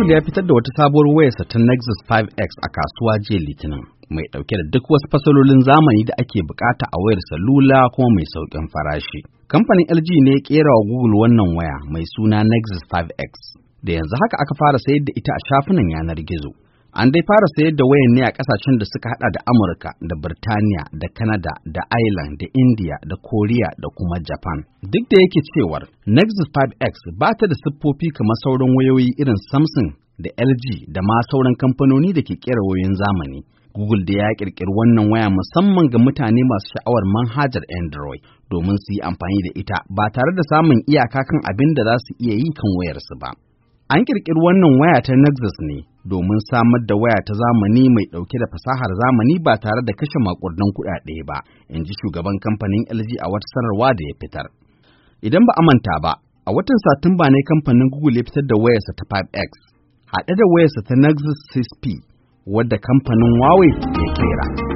Apple ya fitar da wata sabuwar wayarsa ta Nexus 5X a kasuwa jiya Litinin, mai ɗauke da duk wasu fasalolin zamani da ake bukata a wayar salula kuma mai sauƙin farashi. Kamfanin LG ne ya ƙera wa Google wannan waya mai suna Nexus 5X, da yanzu haka aka fara sayar da ita a shafunan yanar gizo. An dai fara sayar da wayan ne a ƙasashen da suka hada da Amurka, da Birtaniya, da Kanada, da Ireland, da India, da Koriya, da kuma Japan. Duk da yake cewar Nexus 5X ba ta da siffofi kamar sauran wayoyi irin Samsung da LG da ma sauran kamfanoni da ke kera wayoyin zamani. Google da ya kirkiri wannan waya musamman ga mutane masu sha'awar manhajar Android domin su yi amfani da ita ba tare da samun iyaka kan abin da za su iya yi kan wayarsu ba. An ƙirƙiri wannan waya ta Nexus ne domin samar da waya ta zamani mai ɗauke da fasahar zamani ba tare da kashe maƙudan kuɗaɗe ba, in ji shugaban kamfanin LG a wata sanarwa da ya fitar. Idan ba a manta ba, a watan Satumba ne kamfanin Google ya fitar da wayarsa ta 5X, haɗe da wayarsa ta Nexus 6P, wadda kamfanin Huawei ke kera.